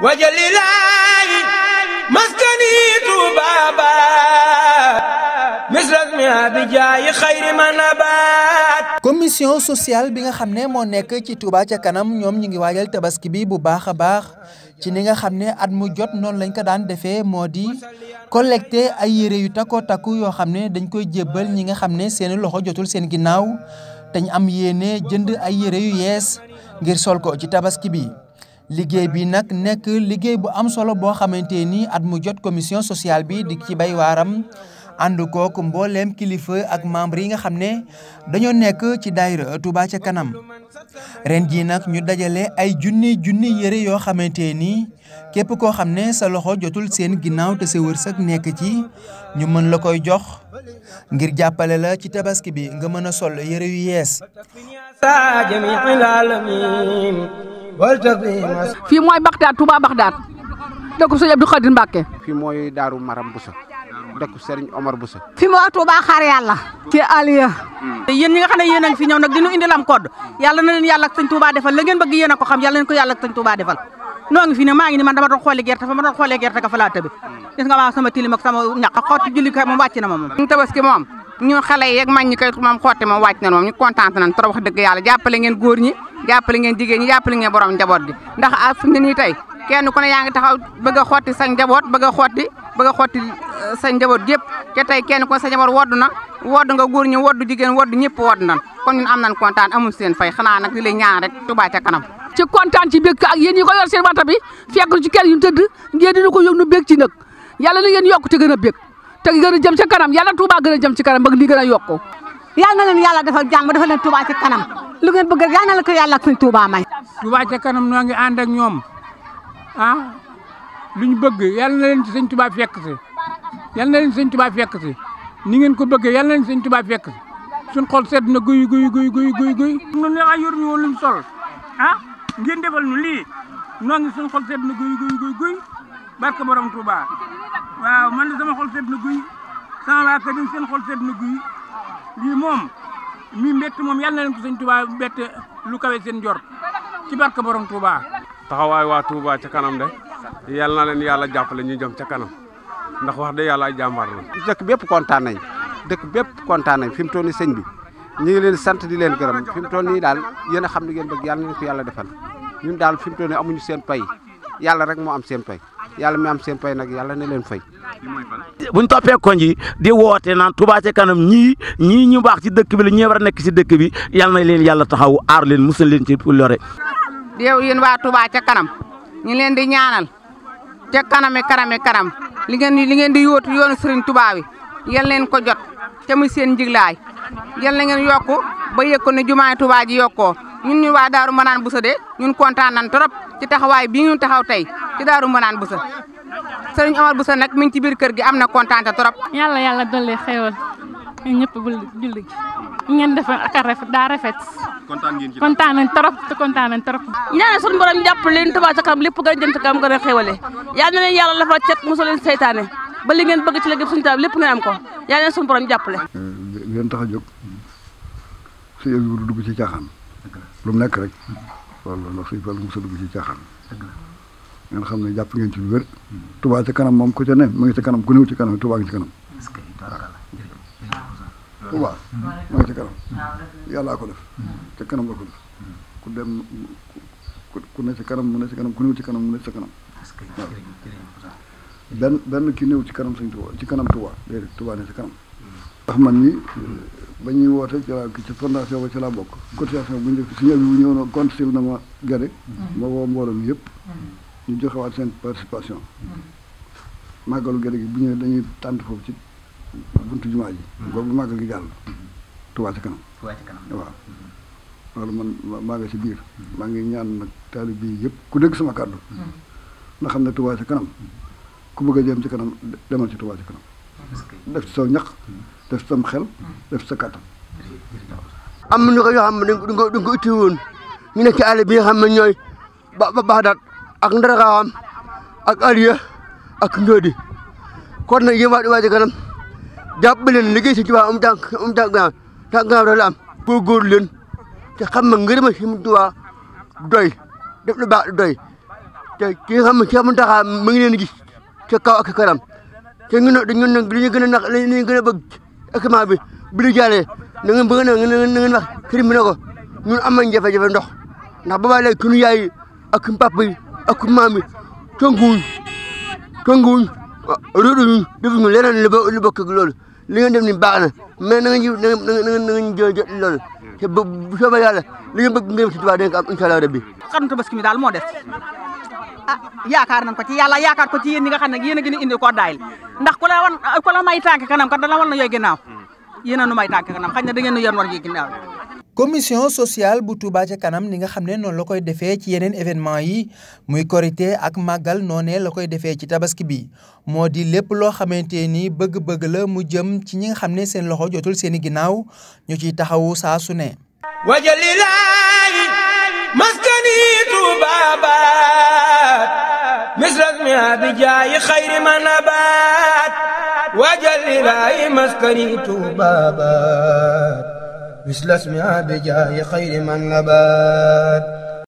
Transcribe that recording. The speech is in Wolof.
wajalilaayi maskani tubaaba misrasmi abijaayi xayri sociale bi nga xam ne moo nekk ci Touba ca kanam ñoom ñu ngi waajal tabaski bi bu baax a baax ci ni nga xam ne at mu jot noonu lañ ko daan defee moo di collecté ay yére yu takkoo takku yoo xam ne dañ koy jébbal ñi nga xam ne seeni loxo jotul seen ginnaaw te am yéene jënd ay yére yu yees ngir sol ko ci tabaski bi liggéey bi nag nekk liggéey bu am solo boo xamante ni at mu jot commission sociale bi di ci bay waaram ànd kook mbooleem kilifa ak membre yi nga xam ne dañoo nekk ci daayira Touba ca kanam ren jii nag ñu dajale ay junni junni yére yoo xamante ni képp koo xam ne sa loxo jotul seen ginnaaw te sa wërsëg nekk ci ñu mën la koy jox ngir jàppale la ci tabaski bi nga mën a sol yére yu yees. fii mooy Baxdaat Touba Baxdaat dëkk sëñ Abdou Khadir Mbacke. fii mooy Daaru Maram Boussa dëkk Serigne Omar Boussa. fi mooy Touba xaar yàlla. ci Aliya. yéen ñi nga xam ne yéen a ngi fi ñëw nag dinu indil am na leen yàlla ak defal la ngeen bëgg yéen ko xam yàlla leen ko yàlla ak sëñ defal. noo ngi fi ne maa ngi ni man dama doon xoolee gerte fa ma doon xoolee gerte ka fa laa tëbi gis nga maa sama tilim ak sama ñaq xottu julli kay moom wàcc na ma moom. ñun xale yi ak mag ñi kay moom xotti moom wàcc na moom ñu kontaan nañ trop wax dëgg yàlla jàppale ngeen góor ñi jàppale ngeen jigéen ñi jàppale ngeen borom njaboot gi ndax a fu ne nii tey kenn ku ne yaa ngi taxaw bëgg a xotti sa njaboot bëgg a xotti bëgg a xotti euh, sa njaboot yëpp te tey kenn ku ne sa njaboot wodd na wodd nga góor ñi wodd jigéen wodd ñëpp wodd nan kon ñun am nan kontaan amul seen fay xanaa nag li lay ñaan rek Touba ca kanam ci kontaan ci bég ak yéen ñi ko yor seen wata bi fekk ci kër yu tëdd ngeen dina ko yóg nu bég ci nag yàlla na ngeen yokk gën a bég te gën a jëm ci kanam yàlla Touba gën a jëm ci kanam bëgg lii gën a yokku yàlla na leen yàlla defal jàmm defal leen Touba ci kanam lu ngeen bëgg yàlla na la ko yàlla ak suñ Touba may Touba ci kanam noo ngi ànd ak ñoom ah lu ñu bëgg yàlla na leen ci sëñ Touba fekk si yàlla na leen sëñ Touba fekk si ni ngeen ko bëggee yàlla na leen sëñ Touba fekk si suñ xol sedd na guy guy guy guy guy guy nu neex a yor ñu woon luñ sol ah ngeen defal nu lii noo ngi suñ xol sedd na guy guy guy guy barke borom Touba waaw man de sama xol sedd na guy sama waa kër seen xol sedd na guy lii moom mi mbett moom yàlla na leen ko sëñ Touba mbett lu kawe seen njort ci barke borom Touba. taxawaay waa Touba ca kanam de yàlla na leen yàlla jàppale ñu jom ca kanam ndax wax de yàlla ay jàmbaar la. dëkk bépp kontaan nañ dëkk bépp kontaan nañ fi mu toll nii sëñ bi ñu leen sant di leen gërëm fi mu toll nii daal yéen xam ni geen bëgg yàlla nañ ko yàlla defal ñun daal fi mu toll amuñu seen pay yàlla rek moo am pay. yàlla mi am seen pay nag yàlla ne leen fay. buñ toppee koñ yi di woote naan Touba ca kanam ñii ñii ñu baax ci dëkk bi la ñee war a nekk ci dëkk bi yàlla na leen yàlla taxaw aar leen musal leen ci lore. yow yéen waa Touba ca kanam ñi leen di ñaanal ca kanam kaname kanam li ngeen li ngeen di yóotu yoonu Serigne tubaa wi yal leen ko jot te muy seen njiglaay yal na ngeen yokku ba yëg ko ne jumaay ji yokkoo ñun ñu waa Daaru Manaan bu sëdee ñun kontaan nan trop ci taxawaay bii ñu taxaw tey. ci daaru Manaan Bousso sëriñ Omar Bousso nag mi ngi ci biir kër gi am na kontaan trop. yàlla yàlla dolli xéewal ñun ñëpp bul julli gi ñu ngeen def ak rafet daa rafet. kontaan ngeen ci kontaan nañ trop te kontaan nañ trop. ñaanal suñu borom jàpp leen Touba ca kanam lépp gën a jëm ca kanam a yàlla la fa cet mosoo leen seytaane ba li ngeen bëgg ci la gëm suñu lépp ngeen am ko yal na suñu borom jàppale. Eh, tax a jóg suñu yëngu dugg ci caaxaan lu nekk rek ngeen xam ne jàpp ngeen ci lu wér tubaa ci kanam moom ku ca ne mu ngi ci kanam ku néew ci kanam Touba ngi ci kanam Touba mu ngi ci kanam yàllaa ko def hmm. ca ko def hmm. ku ci kanam mu ne ci kanam ku ci kanam mu ne ci kanam waaw benn benn ki néew ci kanam sëñ Touba ci kanam Touba déedéet ne ci kanam hmm. ndax man ni ba ñuy woote ci la ci fondation ba ci laa bokk cotisation bu ci si ñëw bu ñëw na compte sil na ma gade ma woo mbooloo mi yëpp ñu joxewaat seen participation màggalu gerte gi bu ñëwee dañuy tànt foofu ci buntu jumaa ji mm-hmm. boobu màggal gi jàll mm-hmm. Touba ca kanam waaw mm-hmm. loolu man maa nga ci biir maa ngi ñaan nag taalib bi yëpp ku dégg sama kàddu nga xam ne Touba ca kanam ku bëgg a jëm ci kanam demal ci Touba ca kanam def ci sa ñaq def sam xel def sa kàttan am na ñu ko yoo xam ne dañ ko dañ ñu nekk ci àll xam ne ñooy ba ba baax ak Ndaraxaam ak Aliya ak Ndodi kon nag yéen waa Touba ca kanam jàpp leen liggéey si Touba am tànk am tànk gaaw tànk gaaw rek la am góorgóorlu leen te xam nga ngërëma si Touba doy def lu baax doy te ki nga xam ne Cheikh Mountakha mu ngi leen gis ca kaw ak kanam te ñu ne dañu ne li ñu gën a naq li ñu bëgg équipement bi bu na ngeen bëgg na ngeen na ngeen wax sëriñ ne ko ñun am nañ jafe-jafe ndox ndax boobaa léegi suñu yaay ak yi ak maam yi tënkuwuñ tënkuwuñ ah, rëduñu defuñu leneen lu bokk ak loolu li ngeen def ni baax na na nga ñu na nga na nga ñu jël jot loolu bu soobee yàlla li nga bëgg nga def ci Tuubaa da nga ko am incha allah rabbi. daal moo des ah yaakaar nañ ko ci yàlla yaakaar ko ci yéen nga xam ne yéen a gën a indi ko daayil ndax ku la wan ku la may tànk kanam kat dana wan na yooyu ginnaaw yéen a nu may tànk kanam xañ na da ngeen nu yor commission sociale bu Touba ca kanam ni nga xam ne noonu la koy defee ci yeneen événement yi muy korité ak màggal noonee la koy defee ci tabaski bi moo di lépp loo xamante ni bëgg-bëgg la mu jëm ci ñi nga xam ne seen loxo jotul seen ginnaaw ñu ciy taxawu saa su ne wajalilaayi maskani Touba مثل اسمها بجاه خير من نبات